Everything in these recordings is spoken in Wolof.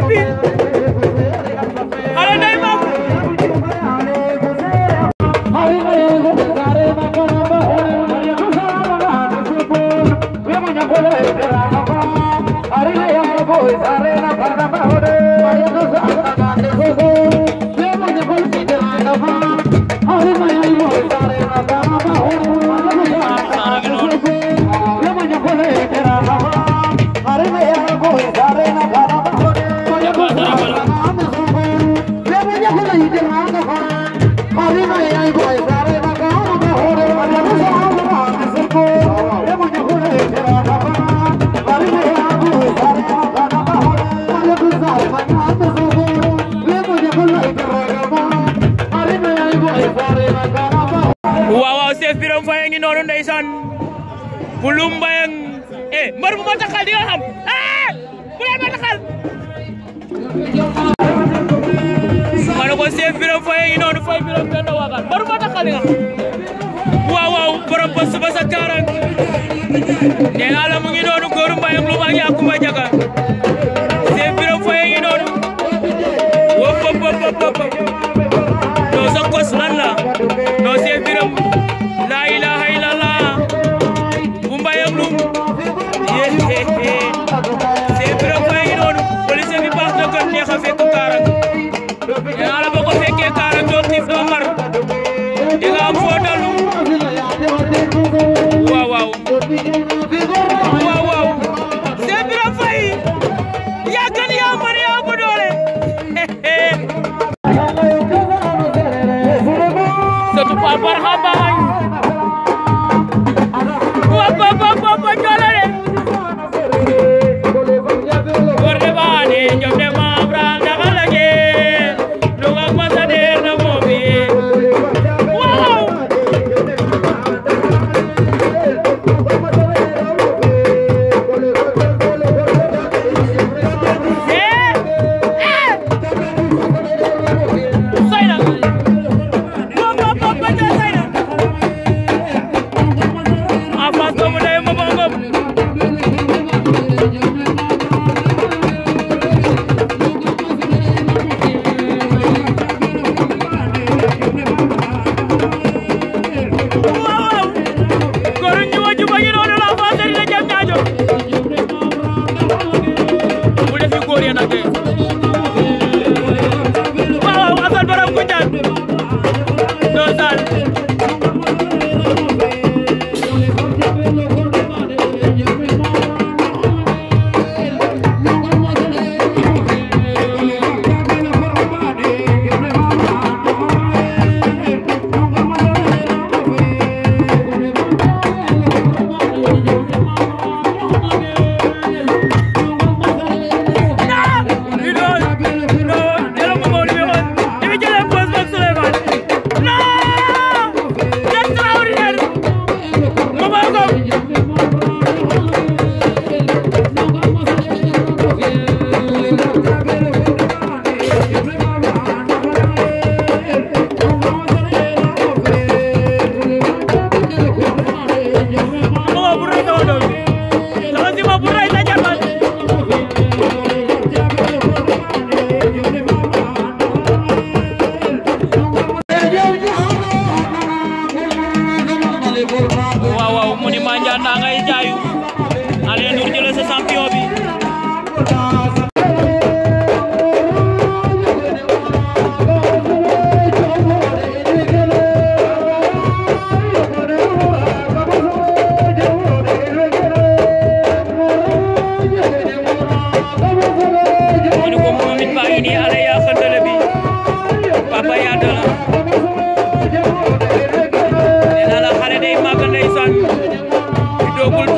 Felipe! chef biram fay ngi noonu ndeysaan bulum bayang eh mbër bu ma taxal di nga xam eh bu leen ma taxal ma ne ko chef biram fay ngi noonu fay biram benn waagal mbër bu ma taxal di nga ya. xam waaw waaw borom ba suba sa kaarang nee naa mu ngi noonu góoru mbayang lu ma yàkku jaga Maaka ndeysaan i doogul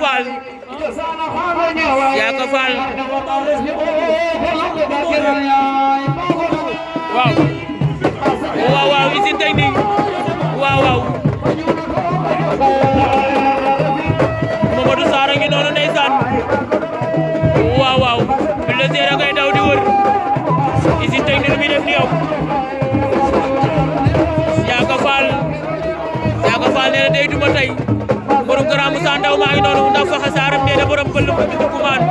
Fall Yaaka Fall waaw waaw waaw visite technique waaw waaw Mamadou Sarr a ngi noonu ndeysaan waaw waaw le seere ngay daw di wër visite technique bi def ni yow Yaaka Fall Yaaka Fall nee na day duma tey Grand Moussa Ndaw maa ngi noonu ndaw faxa saaram nee na borom bëllu bu kumaan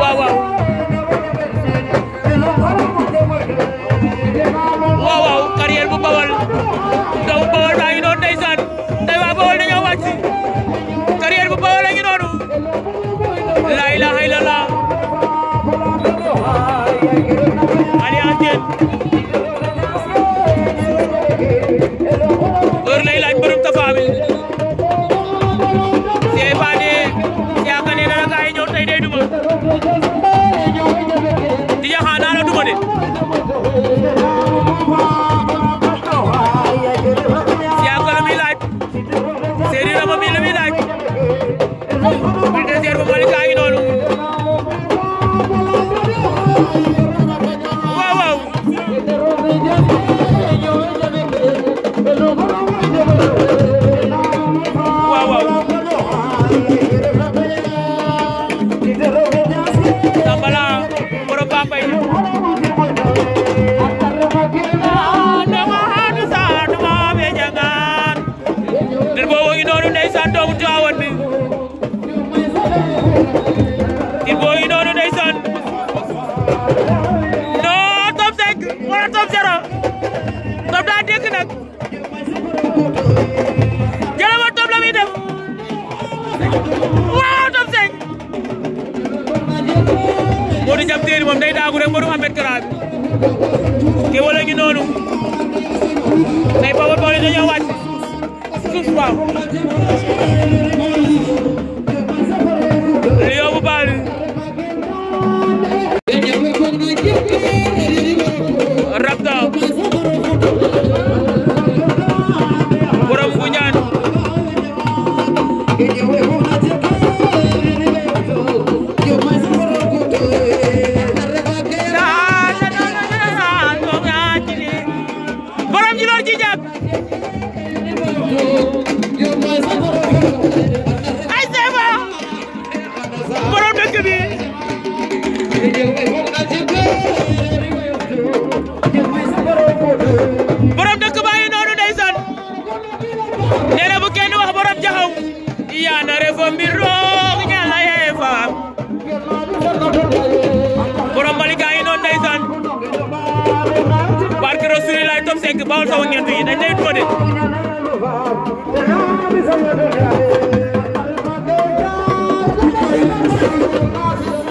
waaw waaw waaw waaw carrière bu bawal doomu bawal baa ngi noonu ndeysaan tey waa bawal dañoo wàcc carrière bu bawal a ngi noonu laa ilaaha illallaah Aliou barke Rasulillah tom sekk bawol sama ñett Thank you.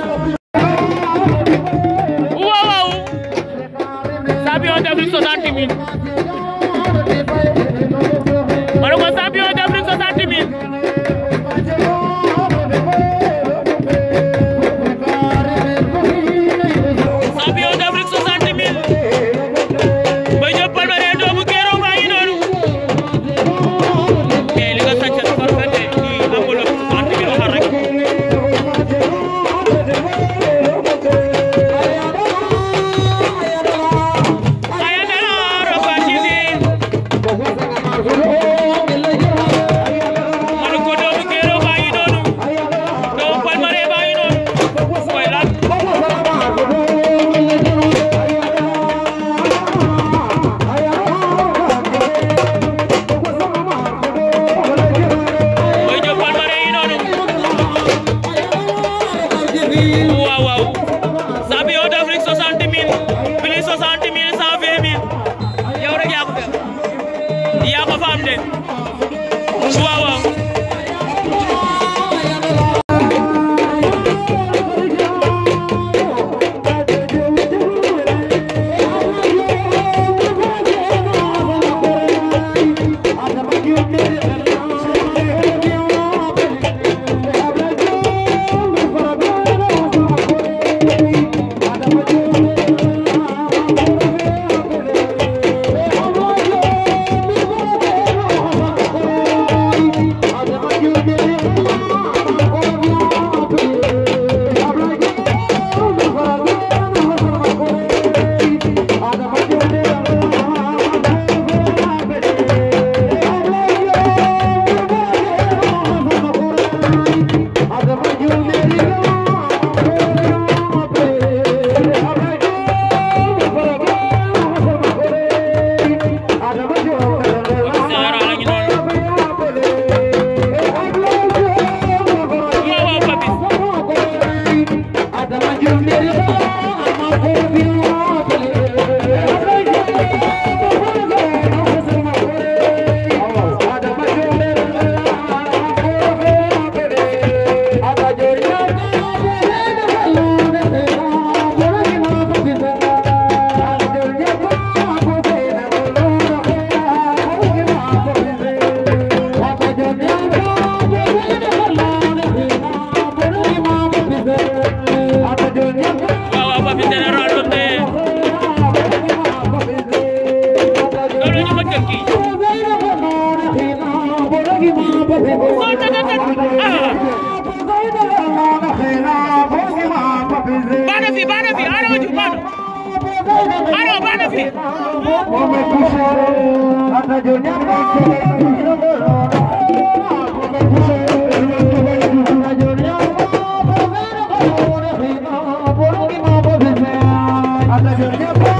نيا پا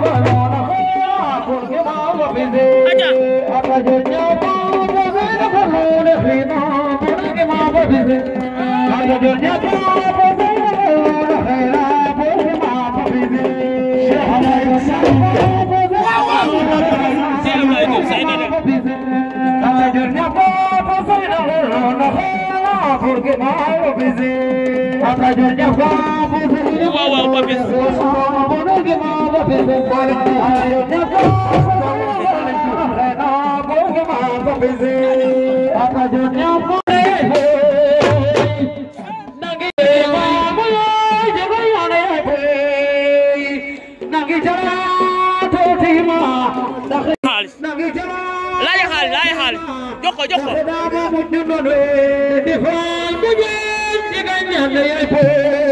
پا نونا پيا کول کي ما و بي دي آجا جو چا پا جو جن خون نه فين ما بنا کي ما و بي دي لا يا خال لا يا خال جوكو جوكو me and the airport.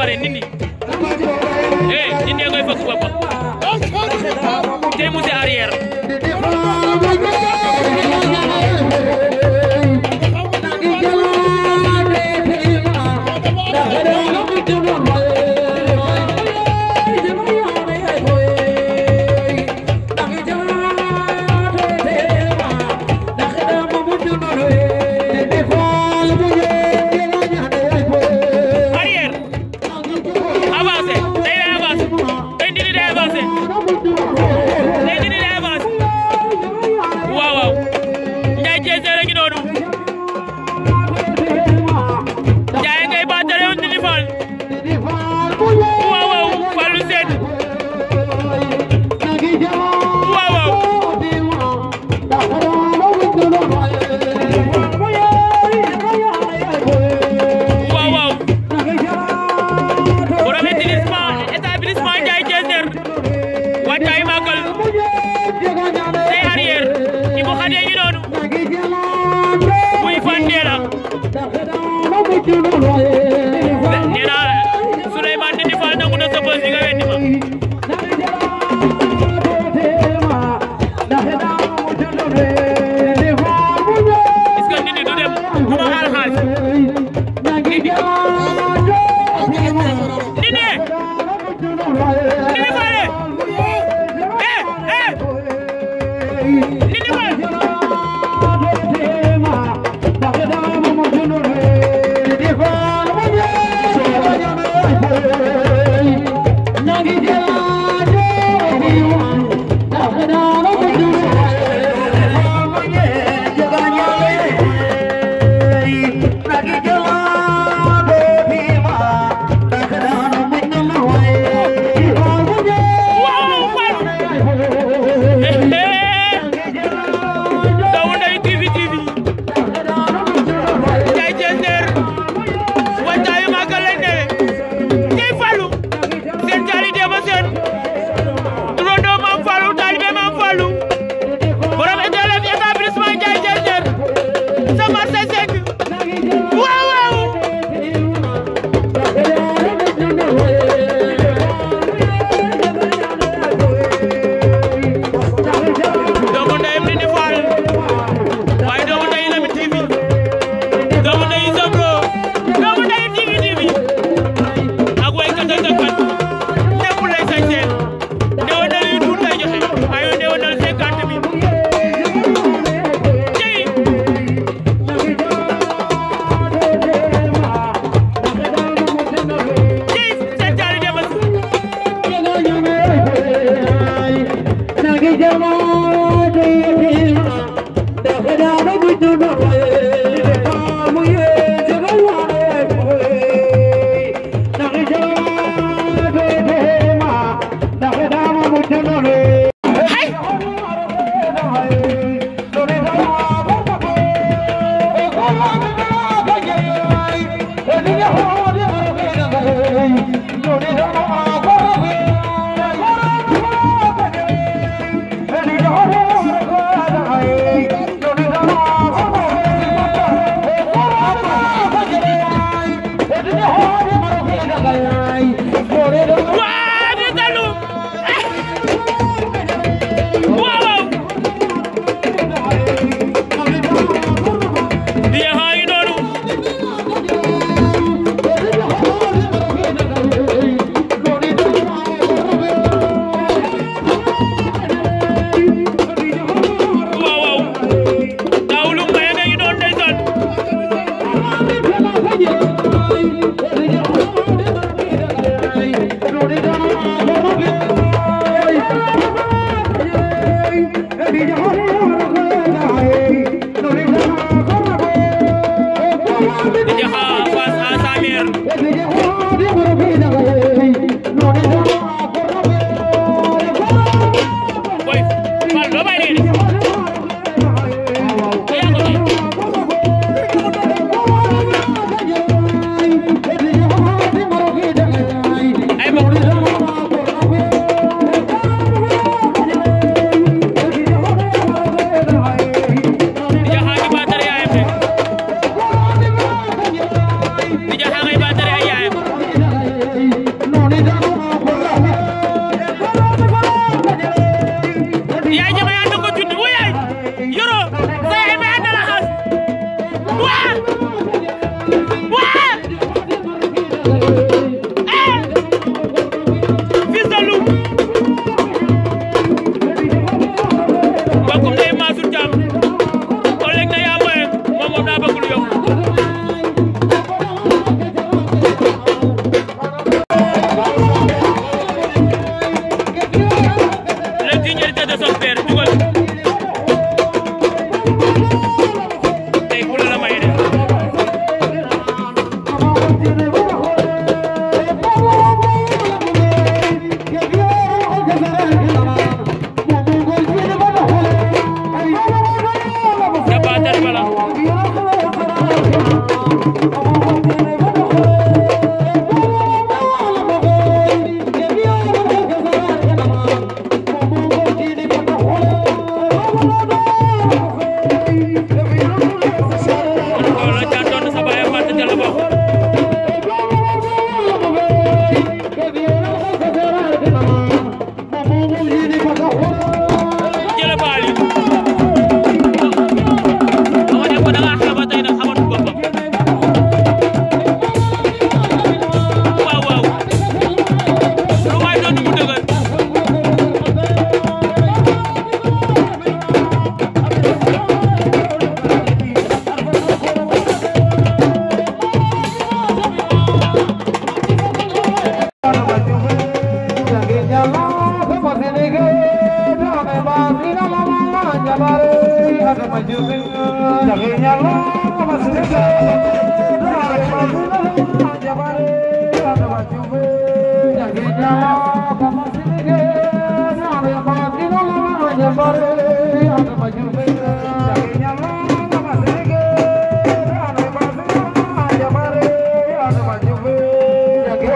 kare nini Ndera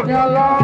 Look.